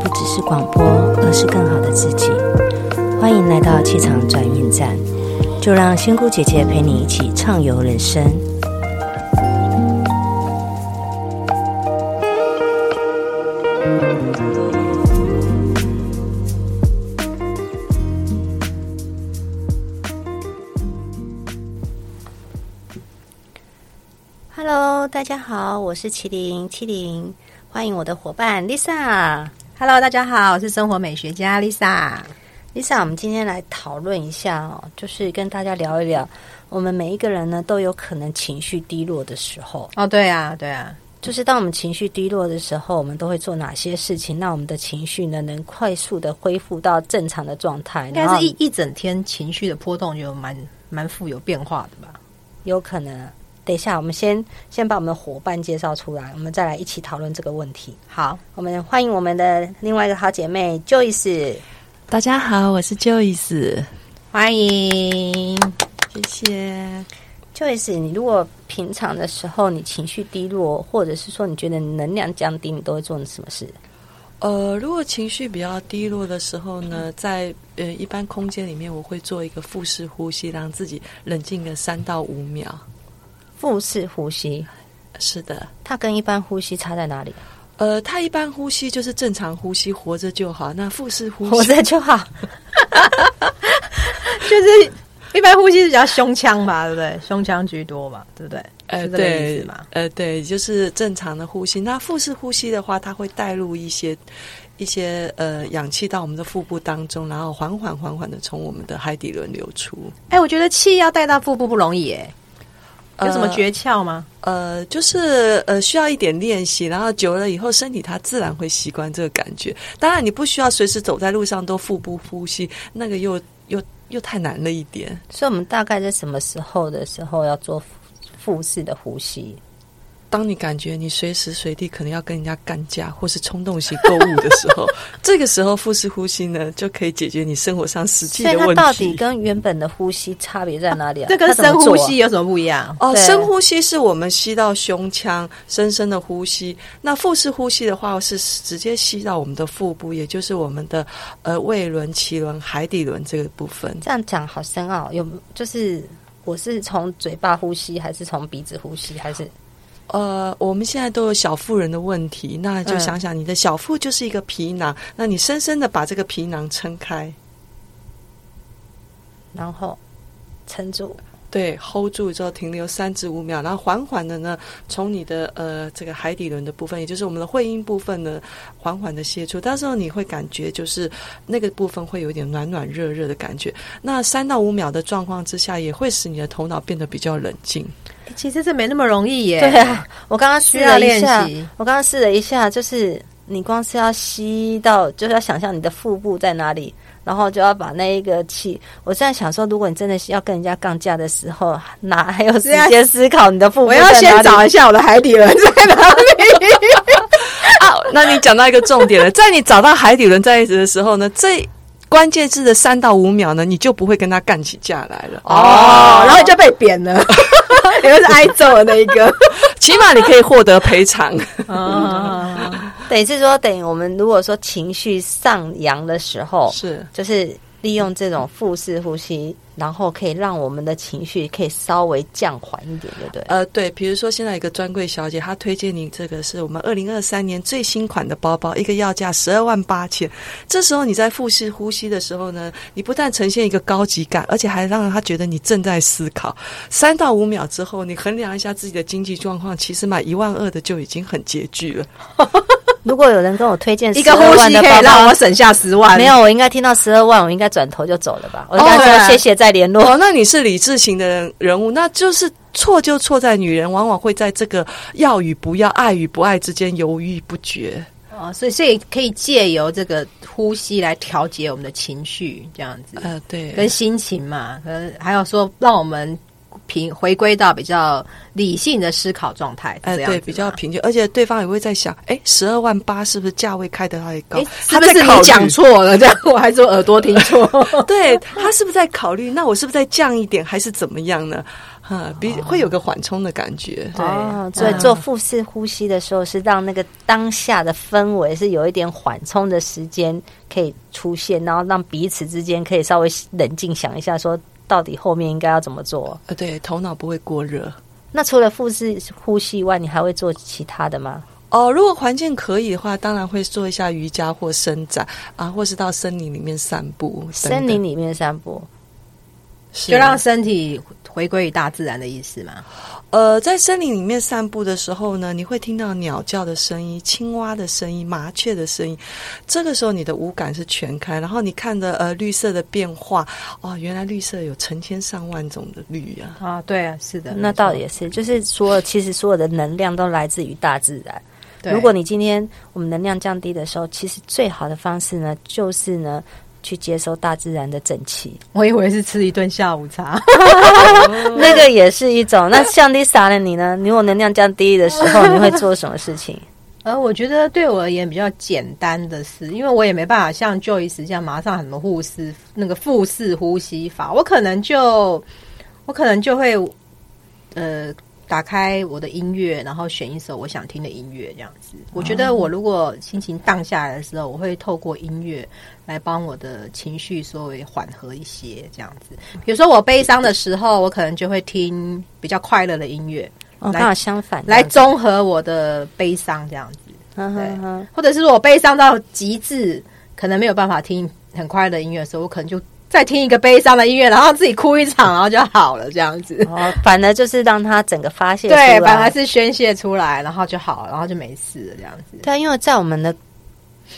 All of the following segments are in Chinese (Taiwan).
不只是廣播，而是更好的自己。歡迎來到氣場轉運站，就讓仙姑姐姐陪你一起暢遊人生。Hello，大家好，我是錡霖70，歡迎我的夥伴 Lisa。哈囉，大家好，我是生活美學家 Lisa。Lisa，我們今天來討論一下哦，就是跟大家聊一聊，我們每一個人呢都有可能情緒低落的時候。哦，oh, 對啊，對啊，就是當我們情緒低落的時候，我們都會做哪些事情？讓我們的情緒呢，能快速的恢復到正常的狀態？應該是一後一整天情緒的波動就蠻蠻富有變化的吧？有可能。等一下，我們先先把我們的伙伴介紹出來，我們再來一起討論這個問題。好，我們歡迎我們的另外一個好姐妹 Joyce。大家好，我是 Joyce，歡迎，謝謝。Joyce，你如果平常的時候你情緒低落，或者是說你覺得你能量降低，你都會做什麼事？呃，如果情緒比較低落的時候呢，在呃一般空間裡面，我會做一個腹式呼吸，讓自己冷靜個三到五秒。腹式呼吸，是的，它跟一般呼吸差在哪裡啊？呃，它一般呼吸就是正常呼吸，活着就好。那腹式呼吸，活着就好， 就是一般呼吸是比較胸腔嘛，對不對？胸腔居多嘛，對不對？呃，呃，對，呃，對，就是正常的呼吸。那腹式呼吸的話，它會帶入一些一些呃氧氣到我們的腹部當中，然後緩緩緩緩的從我們的海底輪流出。哎，我覺得氣要帶到腹部不容易哎。有什麼訣竅嗎？呃，就是呃，需要一點練習，然後久了以後，身體它自然會習慣這個感覺。當然，你不需要隨時走在路上都腹部呼吸，那個又又又太難了一點。所以我們大概在什麼時候的時候要做腹式的呼吸？當你感覺你隨時隨地可能要跟人家幹架，或是衝動型購物的時候， 這個時候腹式呼吸呢，就可以解決你生活上實際的問題。所以它到底跟原本的呼吸差別在哪裡啊？啊這跟深呼吸有什麼不一樣？啊、哦，對深呼吸是我們吸到胸腔，深深的呼吸。那腹式呼吸的話，是直接吸到我們的腹部，也就是我們的呃胃輪、臍輪、海底輪這個部分。這樣講好深奧，有就是我是從嘴巴呼吸，還是從鼻子呼吸，還是？呃，我們現在都有小婦人的問題，那就想想你的小腹就是一個皮囊，嗯、那你深深的把這個皮囊撐開，然後撐住。對，hold 住之後停留三至五秒，然後緩緩的呢，從你的呃這個海底輪的部分，也就是我們的會陰部分呢，緩緩的洩出。到時候你會感覺就是那個部分會有點暖暖熱熱的感覺。那三到五秒的狀況之下，也會使你的頭腦變得比較冷靜。其實這沒那麼容易耶。對啊，我剛剛試了一下，需要練習。我剛剛試了一下，就是你光是要吸到，就是要想象你的腹部在哪裡。然後就要把那一個氣，我現在想說，如果你真的是要跟人家槓架的時候，哪還有時間思考你的父母，我要先找一下我的海底輪在哪裡？ 啊！那你講到一個重點了，在你找到海底輪在一起的時候呢，這關鍵字的三到五秒呢，你就不會跟他幹起架來了哦，哦然後你就被扁了，你就 是捱揍的那一個， 起碼你可以獲得賠償啊。哦 等於是說，等於我們如果說情緒上揚的時候，是就是利用這種腹式呼吸，然後可以讓我們的情緒可以稍微降緩一點對，對不對？呃，對，比如說現在一個專櫃小姐，她推薦你這個是我們二零二三年最新款的包包，一個要價十二萬八千。這時候你在腹式呼吸的時候呢，你不但呈現一個高級感，而且還讓她覺得你正在思考。三到五秒之後，你衡量一下自己的經濟狀況，其實買一萬二的就已經很拮据了。 如果有人跟我推薦一個呼吸，可以讓我省下十萬。沒有，我應該聽到十二萬，我應該轉頭就走了吧。我應該說謝謝，再聯絡。哦，oh, yeah. oh, 那你是理智型的人物，那就是錯就錯在女人往往會在這個要與不要、愛與不愛之間猶豫不決。哦，所以所以可以借由這個呼吸來調節我們的情緒，這樣子。呃，對，跟心情嘛，呃，還有說讓我們。平回歸到比較理性的思考狀態，呃、欸，對比較平靜，而且對方也會在想：哎、欸，十二萬八是不是價位開得太高？他，欸、是不是你講錯了，欸，是是了這樣我還是說耳朵聽錯。 對他是不是在考慮？那我是不是再降一點，還是怎麼樣呢？哈、嗯，比，哦、會有個緩衝的感覺。哦、對，所以，嗯，做腹式呼吸的時候，是讓那個當下的氛圍是有一點緩衝的時間可以出現，然後讓彼此之間可以稍微冷靜想一下，說。到底後面應該要怎麼做？呃，對，頭腦不會過熱。那除了腹式呼吸外，你還會做其他的嗎？哦，如果環境可以的話，當然會做一下瑜伽或伸展啊，或是到森林裡面散步。等等，森林裡面散步。就讓身體回歸於大自然的意思嘛？呃，在森林裡面散步的時候呢，你會聽到鳥叫的聲音、青蛙的聲音、麻雀的聲音。這個時候，你的五感是全開，然後你看着呃綠色的變化，哦，原來綠色有成千上萬種的綠呀、啊！啊，對啊，是的，那倒也是，就是說，其實所有的能量都來自於大自然。對，如果你今天我們能量降低的時候，其實最好的方式呢，就是呢。去接收大自然的正氣，我以為是吃一頓下午茶，那個也是一種。那降低啥了你呢？ 你有能量降低的時候，你會做什麼事情？而、 呃、我覺得對我而言比較簡單的事，因為我也沒辦法像 Joyce 這樣馬上很什麼護士那個腹式呼吸法，我可能就我可能就會呃。打開我的音樂，然後選一首我想聽的音樂，這樣子。我覺得我如果心情盪下來的時候，我會透過音樂來幫我的情緒稍微緩和一些，這樣子。比如說我悲傷的時候，我可能就會聽比較快樂的音樂，剛、哦、來、剛好相反，來綜合我的悲傷，這樣子。對，呵呵呵，或者是我悲傷到極致，可能沒有辦法聽很快樂的音樂的時候，我可能就。再聽一個悲傷的音樂，然後自己哭一場，然後就好了，這樣子。哦，反而就是讓他整個發洩出來。對，本來是宣洩出來，然後就好了，然後就沒事了，這樣子。對啊，因為在我們的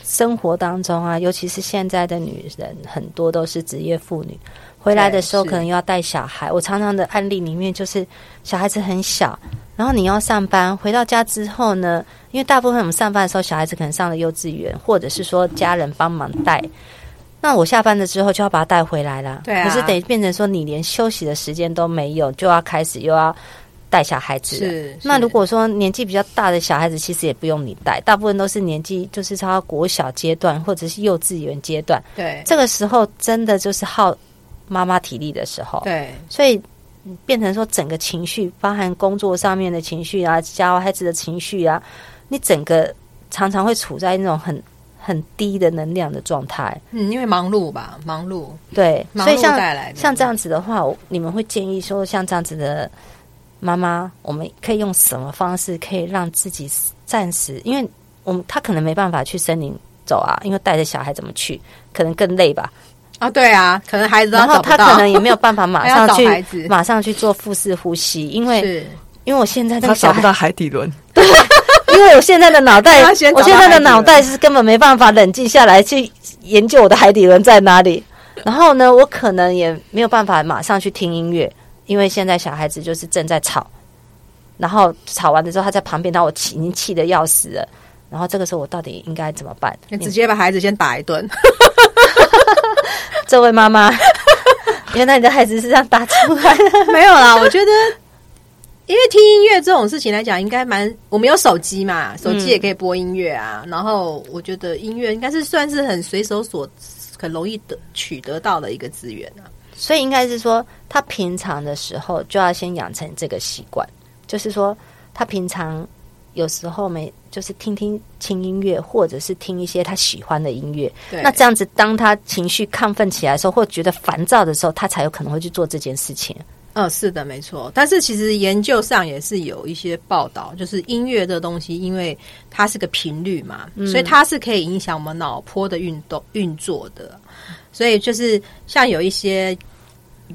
生活當中啊，尤其是現在的女人，很多都是職業婦女，回來的時候可能要帶小孩。我常常的案例裡面就是小孩子很小，然後你要上班，回到家之後呢，因為大部分我們上班的時候，小孩子可能上了幼稚園，或者是說家人幫忙帶。那我下班了之後就要把他帶回來啦可、啊、是得變成說你連休息的時間都沒有，就要開始又要帶小孩子了是。是那如果說年紀比較大的小孩子，其實也不用你帶，大部分都是年紀就是差不多國小階段或者是幼稚園階段。對，這個時候真的就是耗媽媽體力的時候。對，所以變成說整個情緒，包含工作上面的情緒啊，教孩子的情緒啊，你整個常常會處在那種很。很低的能量的狀態，嗯，因為忙碌吧，忙碌對，忙碌帶來的。所以像像這樣子的話，我你們會建議說，像這樣子的媽媽，我們可以用什麼方式可以讓自己暫時？因為我們他可能沒辦法去森林走啊，因為帶着小孩怎麼去，可能更累吧？啊，對啊，可能孩子然後他可能也沒有辦法馬上去， 馬上去做腹式呼吸，因為是因為我現在他找不到海底輪。 因為我現在的腦袋，我現在的腦袋是根本沒辦法冷靜下來去研究我的海底輪在哪裡。然後呢，我可能也沒有辦法馬上去聽音樂，因為現在小孩子就是正在吵。然後吵完了之後，他在旁邊，那我已經氣得要死了。然後這個時候，我到底應該怎麼辦？你直接把孩子先打一頓。 這位媽媽，原來你的孩子是這樣打出來的？ 沒有啦，我覺得。因為聽音樂這種事情來講，應該蠻我們有手機嘛，手機也可以播音樂啊。嗯，然後我覺得音樂應該是算是很隨手所很容易得取得到的一個資源啊。所以應該是說，他平常的時候就要先養成這個習慣，就是說他平常有時候沒就是聽，聽聽聽音樂，或者是聽一些他喜歡的音樂。對那這樣子，當他情緒亢奮起來的時候，或覺得煩躁的時候，他才有可能會去做這件事情。嗯、哦，是的，沒錯。但是其實研究上也是有一些報道，就是音樂這個東西，因為它是個頻率嘛，嗯、所以它是可以影響我們腦波的運動運作的。所以就是像有一些。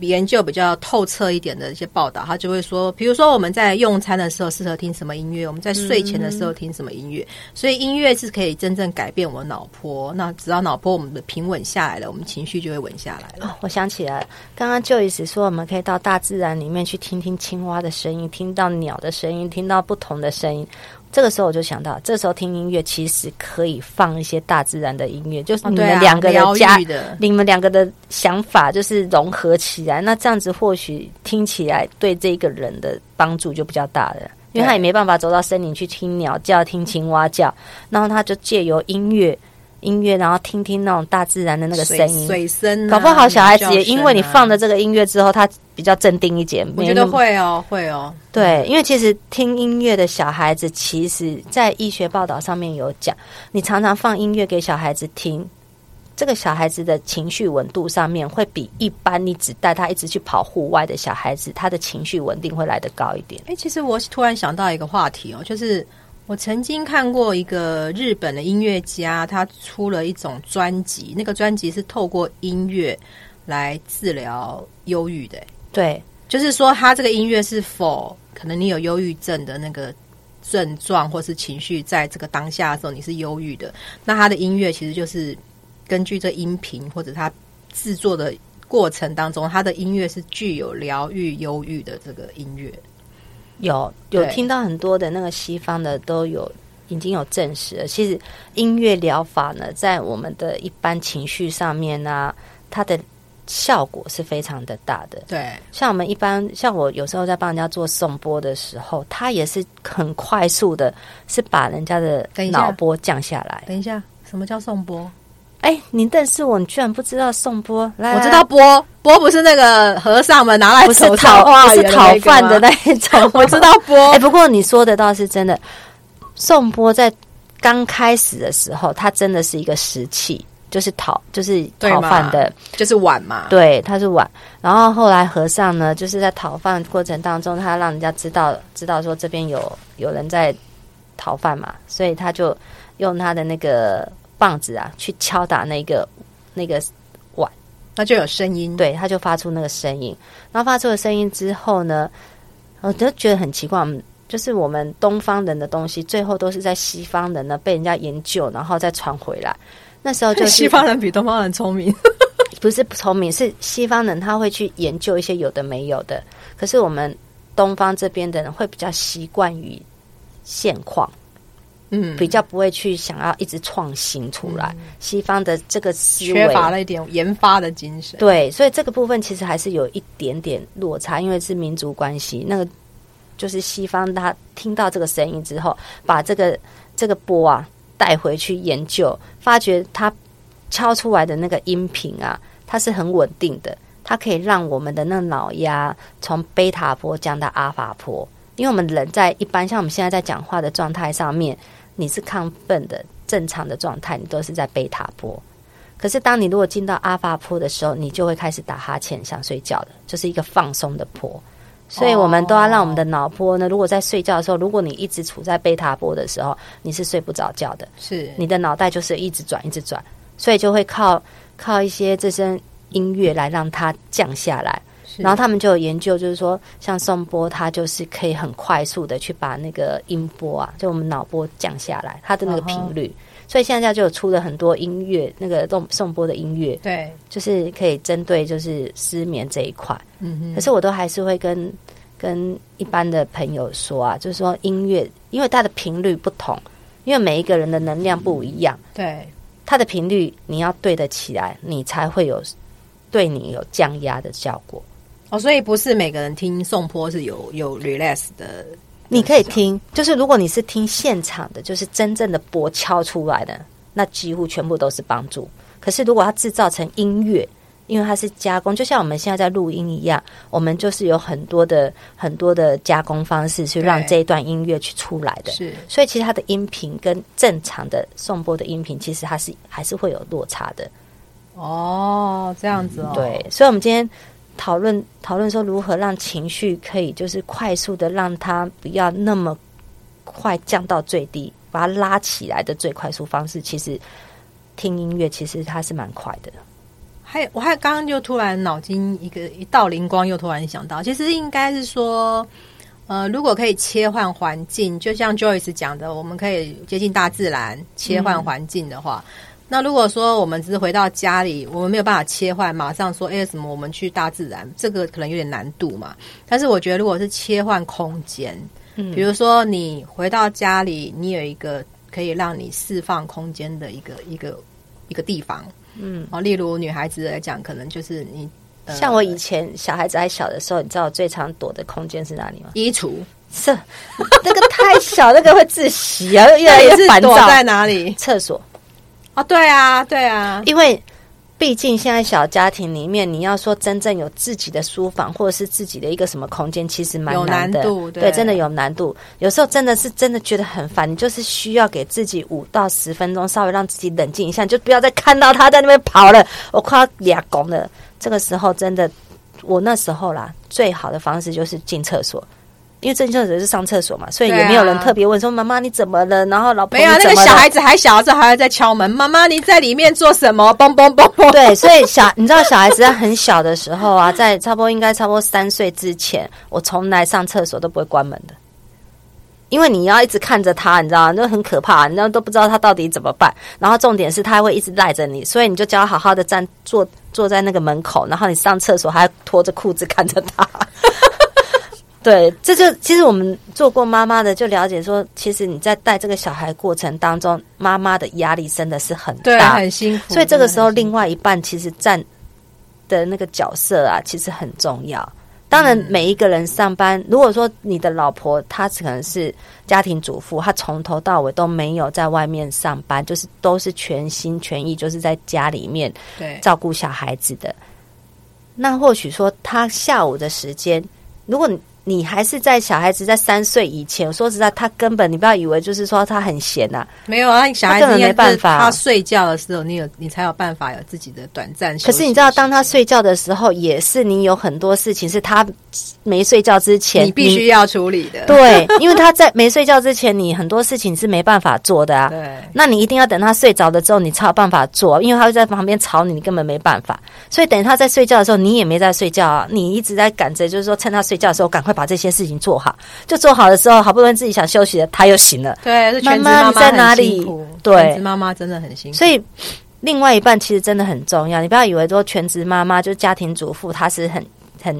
研究比較透徹一點的一些報道，他就會說，比如說我們在用餐的時候適合聽什麼音樂，我們在睡前的時候聽什麼音樂，嗯、所以音樂是可以真正改變我腦波。那只要腦波我們的平穩下來了，我們情緒就會穩下來了。哦、我想起來，剛剛就一直說，我們可以到大自然裡面去聽聽青蛙的聲音，聽到鳥的聲音，聽到不同的聲音。這個時候我就想到，這個、時候聽音樂其實可以放一些大自然的音樂，就是你們兩個的家，哦啊、你們兩個的想法就是融合起來。那這樣子或許聽起來對這個人的幫助就比較大了，對因為他也沒辦法走到森林去聽鳥叫、聽青蛙叫，然後他就借由音樂。音樂，然後聽聽那種大自然的那個聲音，水，水聲啊，搞不好小孩子也因為你放的這個音樂之後，他比較鎮定一點。我覺得會哦，會哦，對，因為其實聽音樂的小孩子，其實在醫學報道上面有講，你常常放音樂給小孩子聽，這個小孩子的情緒穩度上面會比一般你只帶他一直去跑戶外的小孩子，他的情緒穩定會來得高一點。誒，其實我突然想到一個話題哦，就是。我曾經看過一個日本的音樂家，他出了一種專輯，那個專輯是透過音樂來治療憂鬱的。對，就是說他這個音樂是否可能你有憂鬱症的那個症狀，或是情緒在這個當下的時候你是憂鬱的，那他的音樂其實就是根據這音頻或者他製作的過程當中，他的音樂是具有療癒憂鬱的這個音樂。有有聽到很多的那個西方的都有對已經有證實了，其實音樂療法呢，在我們的一般情緒上面啊，它的效果是非常的大的。對。像我們一般，像我有時候在幫人家做頌缽的時候，它也是很快速的，是把人家的腦波降下來。等一下，等一下，什麼叫頌缽？哎、欸，你認識我？你居然不知道頌缽？來，我知道缽，缽不是那個和尚們拿來是討哇是討飯的那一種。 我知道缽。哎、欸，不過你說的倒是真的。頌缽在剛開始的時候，他真的是一個食器，就是討，就是討飯的，就是碗嘛。對，它是碗。然後後來和尚呢，就是在討飯過程當中，他讓人家知道知道說這邊有有人在討飯嘛，所以他就用他的那個。棒子啊，去敲打那個那個碗，那就有聲音。對，他就發出那個聲音。然後發出了聲音之後呢，我就覺得很奇怪，我們就是我們東方人的東西，最後都是在西方人呢被人家研究，然後再傳回來。那時候就是、西方人比東方人聰明， 不是不聰明，是西方人他會去研究一些有的沒有的。可是我們東方這邊的人會比較習慣於現況。嗯，比較不會去想要一直創新出來。嗯、西方的這個思維缺乏了一點研發的精神。對，所以這個部分其實還是有一點點落差，因為是民族關係。那個就是西方，他聽到這個聲音之後，把這個這個波啊帶回去研究，發覺他敲出來的那個音頻啊，它是很穩定的，它可以讓我們的那個腦壓從貝塔波降到阿法波。因為我們人在一般像我們現在在講話的狀態上面，你是亢奮的正常的狀態，你都是在貝塔波。可是，當你如果進到阿法波的時候，你就會開始打哈欠、想睡覺的，就是一個放鬆的波。所以，我們都要讓我們的腦波呢。Oh、如果在睡覺的時候，如果你一直處在貝塔波的時候，你是睡不着覺的。是，你的腦袋就是一直轉、一直轉，所以就會靠靠一些這些音樂來讓它降下來。嗯然後他們就有研究，就是說，像頌缽，它就是可以很快速的去把那個音波啊，就我們腦波降下來，它的那個頻率。所以現在就有出了很多音樂，那個動頌缽的音樂，對，就是可以針對就是失眠這一塊。嗯嗯。可是我都還是會跟跟一般的朋友說啊，就是說音樂，因為它的頻率不同，因為每一個人的能量不一樣，對，它的頻率你要對得起來，你才會有對你有降壓的效果。所以不是每個人聽頌缽是有有 relax 的，你可以聽，就是如果你是聽現場的，就是真正的缽敲出來的，那幾乎全部都是幫助。可是如果它製造成音樂，因為它是加工，就像我們現在在錄音一樣，我們就是有很多的很多的加工方式去讓這一段音樂去出來的。是，所以其實它的音頻跟正常的頌缽的音頻，其實它是還是會有落差的。哦，這樣子哦、嗯，對，所以我們今天。討論討論說如何讓情緒可以就是快速的讓它不要那麼快降到最低，把它拉起來的最快速方式，其實聽音樂其實它是蠻快的。還有我還有剛剛就突然腦筋一個一道靈光，又突然想到，其實應該是說，呃，如果可以切換環境，就像 Joyce 講的，我們可以接近大自然，切換環境的話。嗯那如果說我們只是回到家裡，我們沒有辦法切換，馬上說哎、欸、什麼，我們去大自然，這個可能有點難度嘛。但是我覺得，如果是切換空間，嗯，比如說你回到家裡，你有一個可以讓你釋放空間的一個一個一個地方，嗯，哦，例如女孩子來講，可能就是你，呃、像我以前小孩子還小的時候，你知道我最常躲的空間是哪裡嗎？衣櫥櫥，是，這個太小， 那個會窒息啊，越來越煩躁，是躲在哪裡？廁所。啊、哦，對啊，對啊，因為畢竟現在小家庭裡面，你要說真正有自己的書房或者是自己的一個什麼空間，其實蠻難的。難，對，對，真的有難度。有時候真的是真的覺得很煩，你就是需要給自己五到十分鐘，稍微讓自己冷靜一下，就不要再看到他在那邊跑了，我快要抓狂了。這個時候真的，我那時候啦，最好的方式就是進廁所。因為正確的是上廁所嘛，所以也沒有人特別問說媽媽、啊、你怎麼了？然後老了沒有那個小孩子還小時候還要在敲門，媽媽你在裡面做什麼？嘣嘣嘣！對，所以小 你知道小孩子在很小的時候啊，在差不多應該差不多三歲之前，我從來上廁所都不會關門的，因為你要一直看着他，你知道那就很可怕、啊，你知道都不知道他到底怎麼辦。然後重點是他還會一直賴着你，所以你就叫他好好的站坐坐在那個門口，然後你上廁所還要脫着褲子看着他。 對，這就其實我們做過媽媽的，就了解說，其實你在帶這個小孩過程當中，媽媽的壓力真的是很大，對，很辛苦。所以這個時候，另外一半其實站的那個角色啊，其實很重要。當然，每一個人上班，嗯、如果說你的老婆她可能是家庭主婦，她從頭到尾都沒有在外面上班，就是都是全心全意，就是在家裡面照顧小孩子的。對那或許說，她下午的時間，如果你你還是在小孩子在三歲以前，我說實在，他根本你不要以為就是說他很閒吶、啊。沒有啊，小孩子根本沒辦法。他睡覺的時候，你有你才有辦法有自己的短暫。可是你知道，當他睡覺的時候，也是你有很多事情是他沒睡覺之前你，你必須要處理的。 對，因為他在沒睡覺之前，你很多事情是沒辦法做的啊。對，那你一定要等他睡着了之後，你才有辦法做，因為他會在旁邊吵你，你根本沒辦法。所以等他在睡覺的時候，你也沒在睡覺啊，你一直在趕着，就是說趁他睡覺的時候趕快。把這些事情做好，就做好的時候，好不容易自己想休息了，她又醒了。對，是全職媽媽你在哪裡？對，全職媽媽真的很辛苦。媽媽辛苦，所以，另外一半其實真的很重要。你不要以為說全職媽媽就是家庭主婦，她是很很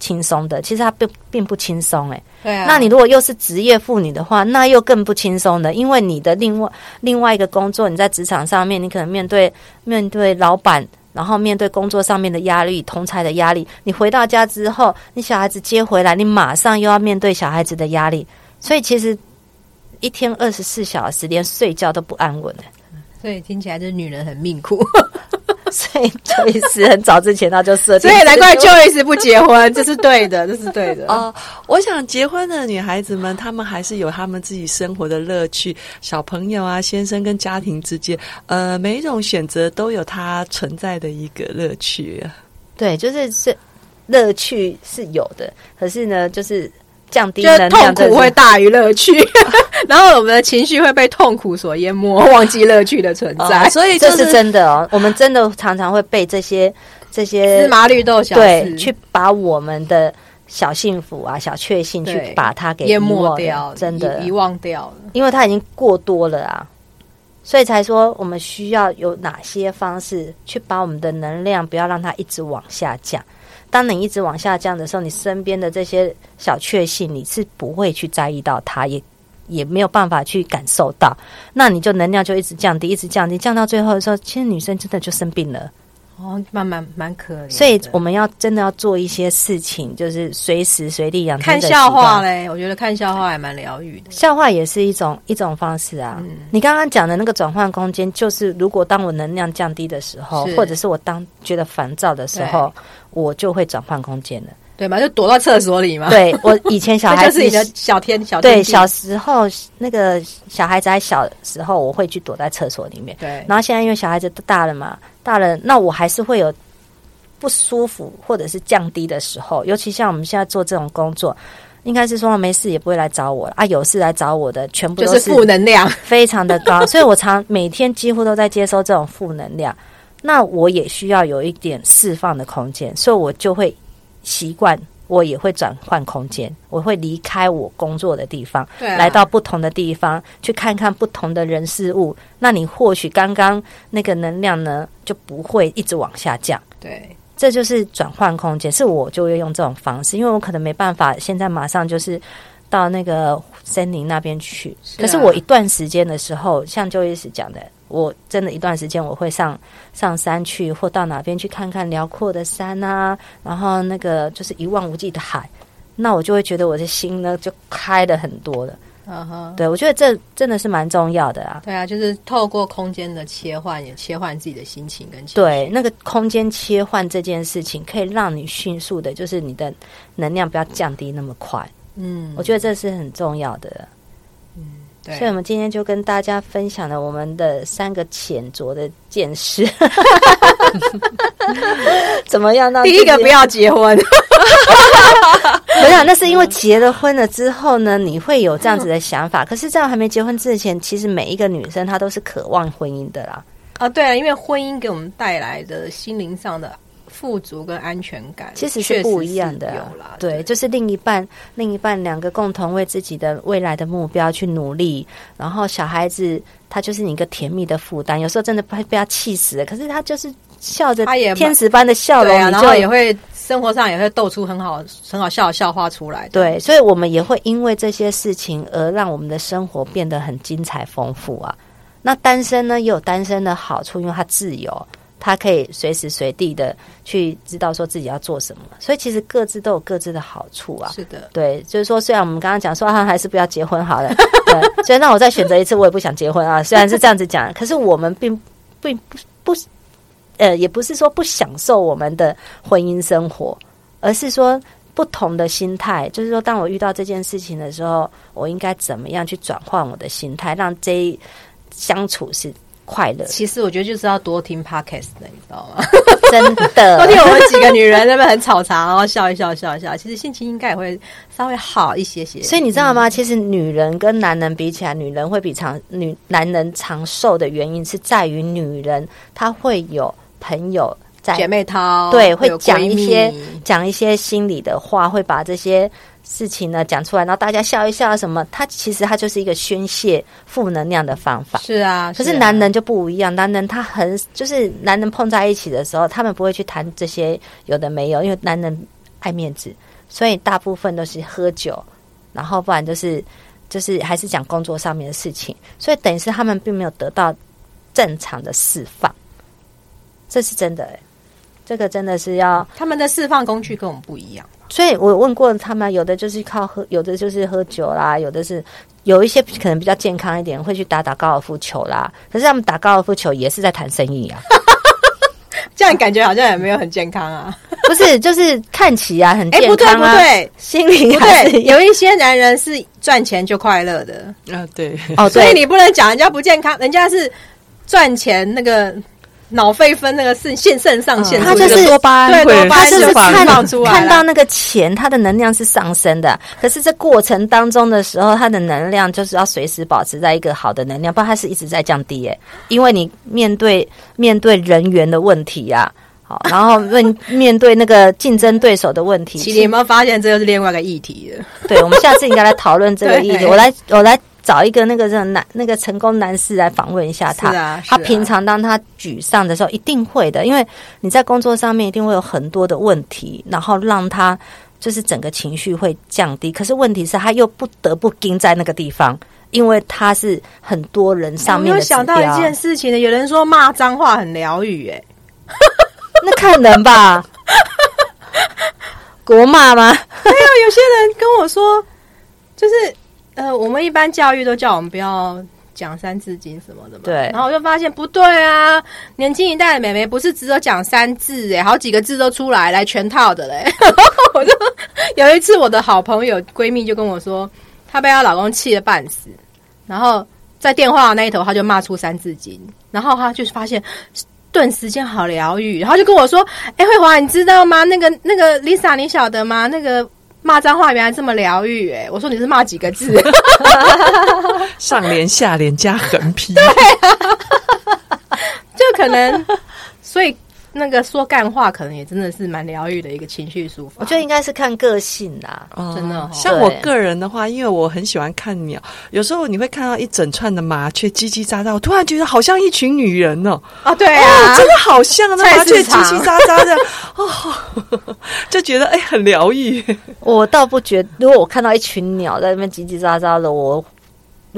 輕鬆的，其實她並並不輕鬆、欸。誒。對啊。那你如果又是職業婦女的話，那又更不輕鬆的，因為你的另外另外一個工作，你在職場上面，你可能面對面對老闆。然後面對工作上面的壓力、通勤的壓力，你回到家之後，你小孩子接回來，你馬上又要面對小孩子的壓力，所以其實一天二十四小時連睡覺都不安穩的。所以聽起來這女人很命苦。所以就一時很早之前他就設 所以難怪就一 y 不結婚， 這是對的，這是對的。哦、呃，我想結婚的女孩子們，她們還是有她們自己生活的樂趣。小朋友啊，先生跟家庭之間，呃，每一種選擇都有它存在的一個樂趣啊。對，就是是樂趣是有的，可是呢，就是降低是，痛苦會大於樂趣。 然後我們的情緒會被痛苦所淹沒，忘記樂趣的存在。Oh, 所以、就是、這是真的哦，我們真的常常會被這些這些芝麻綠豆小事，對去把我們的小幸福啊、小確幸去把它給淹沒掉，真的遺忘掉了。因為它已經過多了啊，所以才說我們需要有哪些方式去把我們的能量不要讓它一直往下降。當你一直往下降的時候，你身邊的這些小確幸，你是不會去在意到它也。也沒有辦法去感受到，那你就能量就一直降低，一直降低，降到最後的時候，其實女生真的就生病了。哦，蠻蠻蠻可憐。所以我們要真的要做一些事情，就是隨時隨地養。看笑話嘞，我覺得看笑話還蠻療癒的。笑話也是一種一種方式啊。嗯、你剛剛講的那個轉換空間，就是如果當我能量降低的時候，是或者是我當覺得煩躁的時候，對我就會轉換空間了。對嘛，就躲到廁所裡嘛。 對，我以前小孩子 就是你的小天小天。對，小時候那個小孩子還小時候，我會去躲在廁所裡面。對。然後現在因為小孩子大了嘛，大了那我還是會有不舒服或者是降低的時候。尤其像我們現在做這種工作，應該是說沒事也不會來找我啊，有事來找我的全部都是負能量，非常的高。 所以我常每天幾乎都在接收這種負能量，那我也需要有一點釋放的空間，所以我就會。習慣我也會轉換空間，我會離開我工作的地方，對啊、來到不同的地方去看看不同的人事物。那你或許剛剛那個能量呢就不會一直往下降。對，這就是轉換空間，是我就會用這種方式，因為我可能沒辦法現在馬上就是到那個森林那邊去。是啊、可是我一段時間的時候，像周醫師講的。我真的一段時間，我會上上山去，或到哪邊去看看遼闊的山啊，然後那個就是一望無際的海，那我就會覺得我的心呢就開了很多了。啊哼、uh，huh. 對，我覺得這真的是蠻重要的啊。對啊，就是透過空間的切換，也切換自己的心情跟情緒。對，那個空間切換這件事情，可以讓你迅速的，就是你的能量不要降低那麼快。嗯，我覺得這是很重要的。所以，我們今天就跟大家分享了我們的三個淺薄的見識，對 怎麼樣呢？第 一個，不要結婚。沒有，那是因為結了婚了之後呢，你會有這樣子的想法。可是，在我還沒結婚之前，其實每一個女生她都是渴望婚姻的啦。啊，對啊，因為婚姻給我們帶來的心靈上的。富足跟安全感其實是不一樣的，有啦對，對，就是另一半，另一半兩個共同為自己的未來的目標去努力，然後小孩子他就是你一個甜蜜的負擔，有時候真的被被他氣死了，可是他就是笑着，他也天使般的笑容，啊、就然後也會生活上也會逗出很好很好笑的笑話出來，對，對，所以我們也會因為這些事情而讓我們的生活變得很精彩豐富啊。那單身呢也有單身的好處，因為他自由。他可以隨時隨地的去知道說自己要做什麼，所以其實各自都有各自的好處啊。是的，對，就是說，雖然我們剛剛講說他、啊、還是不要結婚好了，對、 呃。雖然讓我再選擇一次，我也不想結婚啊。 雖然是這樣子講，可是我們並並不不，呃，也不是說不享受我們的婚姻生活，而是說不同的心態。就是說，當我遇到這件事情的時候，我應該怎麼樣去轉換我的心態，讓這一相處是。快樂，其實我覺得就是要多聽 podcast 的，你知道嗎？ 真的，昨天我們幾個女人那邊很吵雜，然後笑一笑，笑一笑，其實心情應該也會稍微好一些些。嗯，所以你知道嗎？其實女人跟男人比起來，女人會比長女男人長壽的原因是在於女人她會有朋友在姐妹淘，對，會講一些講一些心裡的話，會把這些。事情呢講出來，然後大家笑一笑，什麼？他其實他就是一個宣洩負能量的方法。是啊，是啊，可是男人就不一樣，男人他很就是男人碰在一起的時候，他們不會去談這些有的沒有，因為男人愛面子，所以大部分都是喝酒，然後不然就是就是還是講工作上面的事情。所以等於是他們並沒有得到正常的釋放，這是真的、欸、這個真的是要他們的釋放工具跟我們不一樣。嗯所以我問過他們，有的就是靠喝，有的就是喝酒啦，有的是有一些可能比較健康一點，會去打打高爾夫球啦。可是他們打高爾夫球也是在談生意啊， 這樣感覺好像也沒有很健康啊。 不是，就是看起來啊很健康啊。哎，不對不對，心裡不對。有一些男人是賺錢就快樂的啊，對哦，對，所以你不能講人家不健康，人家是賺錢那個。腦肺分那個腎，腺腎上腺，它就是多巴胺，對，多巴胺釋放就是看， 看到那個錢，它的能量是上升的。可是這過程當中的時候，它的能量就是要隨時保持在一個好的能量，不然它是一直在降低誒、欸。因為你面對面對人員的問題呀、啊，好，然後面面對那個競爭對手的問題，你有沒有發現這就是另外一個議題了。對，我們下次應該來討論這個議題，對我來，我來。找一個那個人男那個成功男士來訪問一下他，是啊是啊，他平常當他沮喪的時候一定會的，因為你在工作上面一定會有很多的問題，然後讓他就是整個情緒會降低。可是問題是他又不得不跟在那個地方，因為他是很多人上面。有，沒有想到一件事情呢？有人說罵髒話很療癒、欸，哎， 那可能吧？ 國罵罵嗎？沒 有，有些人跟我說，就是。呃，我們一般教育都叫我們不要講三字經什麼的嘛。對，然後我就發現不對啊，年輕一代的妹妹不是只有講三字欸，好幾個字都出來，來全套的嘞。 我就有一次，我的好朋友閨蜜就跟我說，她被她老公氣得半死，然後在電話那一頭，她就罵出三字經，然後她就發現頓時間好療癒，然後就跟我說：“欸，慧華，你知道嗎？那個那個 Lisa，你曉得嗎？那個。”罵髒話原來這麼療癒哎！我說你是罵幾個字？上聯、下聯加橫批，對啊， 就可能，所以。那個說乾話可能也真的是蠻療癒的一個情緒抒發。我覺得應該是看個性的。啊，哦，真的，哦。對像我個人的話，因為我很喜歡看鳥，有時候你會看到一整串的麻雀嘰嘰喳喳、喳，我突然覺得好像一群女人哦。啊，對啊，哦，真的好像那麻雀嘰嘰喳喳、喳的，哦，就覺得哎、欸、很療癒。 我倒不覺得，如果我看到一群鳥在那邊嘰嘰喳喳的，我。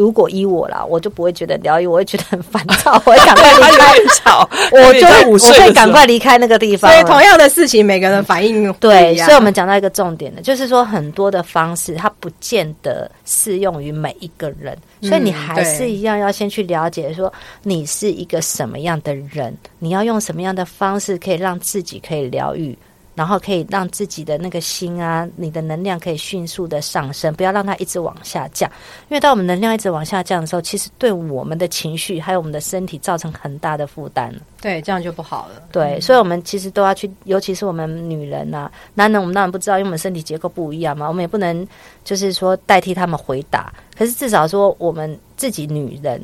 如果依我啦，我就不會覺得療癒，我會覺得很煩躁， 我會趕快離開，吵我就會，會五我會趕快離開那個地方。所以同樣的事情，每個人反應、嗯、對。所以，我們講到一個重點的，就是說很多的方式，它不見得適用於每一個人，嗯、所以你還是一樣要先去了解，說你是一個什麼樣的人，對你要用什麼樣的方式，可以讓自己可以療癒。然後可以讓自己的那個心啊，你的能量可以迅速的上升，不要讓它一直往下降。因為當我們能量一直往下降的時候，其實對我們的情緒還有我們的身體造成很大的負擔。對，這樣就不好了。對，所以我們其實都要去，尤其是我們女人吶、啊，嗯、男人我們當然不知道，因為我們身體結構不一樣嘛，我們也不能就是說代替他們回答。可是至少說，我們自己女人，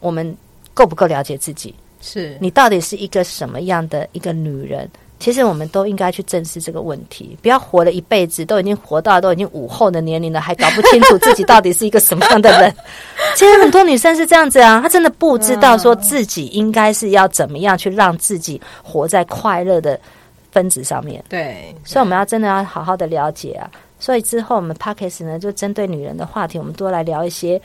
我們夠不夠了解自己？是你到底是一個什麼樣的一個女人？其實我們都應該去正視這個問題，不要活了一輩子，都已經活到都已經午後的年齡了，還搞不清楚自己到底是一個什麼樣的人。 其實很多女生是這樣子啊，她 真的不知道說自己應該是要怎麼樣去讓自己活在快樂的分子上面。對， 所以我們要真的要好好的了解啊。所以之後我們 Podcast 呢，就針對女人的話題，我們多來聊一些。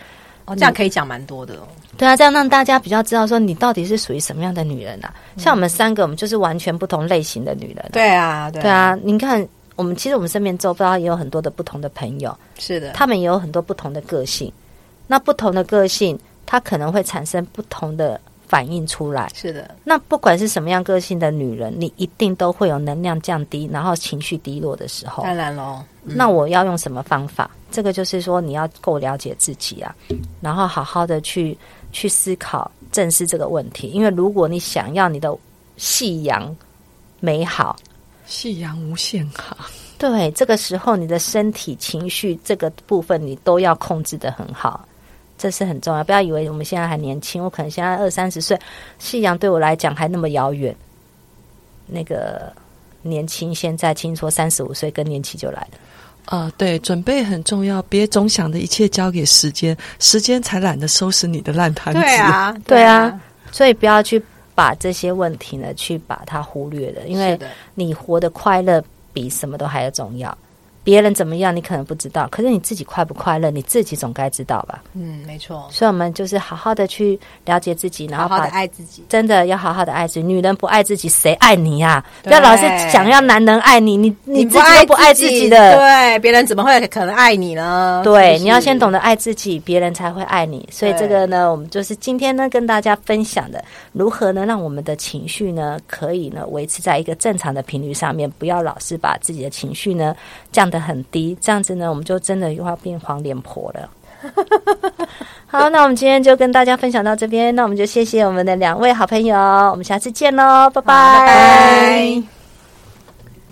哦，這樣可以講蠻多的哦。對啊，這樣讓大家比較知道說你到底是屬於什麼樣的女人吶、啊？嗯、像我們三個，我們就是完全不同類型的女人、啊嗯。對啊，對啊。您、啊、看，我們其實我們身邊周遭也有很多的不同的朋友。是的，他們也有很多不同的個性。那不同的個性，它可能會產生不同的。反映出來是的，那不管是什麼樣個性的女人，你一定都會有能量降低，然後情緒低落的時候，當然嘍。那我要用什麼方法？嗯，這個就是說，你要夠了解自己啊，然後好好的去去思考、正視這個問題。因為如果你想要你的夕陽美好，夕陽無限好， 對，這個時候你的身體、情緒這個部分，你都要控制得很好。這是很重要，不要以為我們現在還年輕，我可能現在二三十歲，夕陽對我來講還那麼遙遠。那個年輕，現在聽說三十五歲更年期就來了。啊、呃，對，準備很重要，別總想着一切交給時間，時間才懶得收拾你的爛攤子。對啊，對啊， 所以不要去把這些問題呢去把它忽略了，因為你活得快樂比什麼都還要重要。別人怎麼樣，你可能不知道，可是你自己快不快樂，你自己總該知道吧？嗯，沒錯。所以，我們就是好好的去了解自己，然後好好的愛自己。真的要好好的愛自己。女人不愛自己，誰愛你呀？對不要老是想要男人愛你，你，你不愛自己，你自己都不愛自己的，對，別人怎麼會可能愛你呢？對，是不是？你要先懂得愛自己，別人才會愛你。所以，這個呢，對我們就是今天呢，跟大家分享的，如何呢，讓我們的情緒呢，可以呢，維持在一個正常的頻率上面，不要老是把自己的情緒呢，降。的很低，這樣子呢，我們就真的又要變黃臉婆了。 好，那我們今天就跟大家分享到這邊，那我們就謝謝我們的兩位好朋友，我們下次見嘍，拜拜拜拜。Bye bye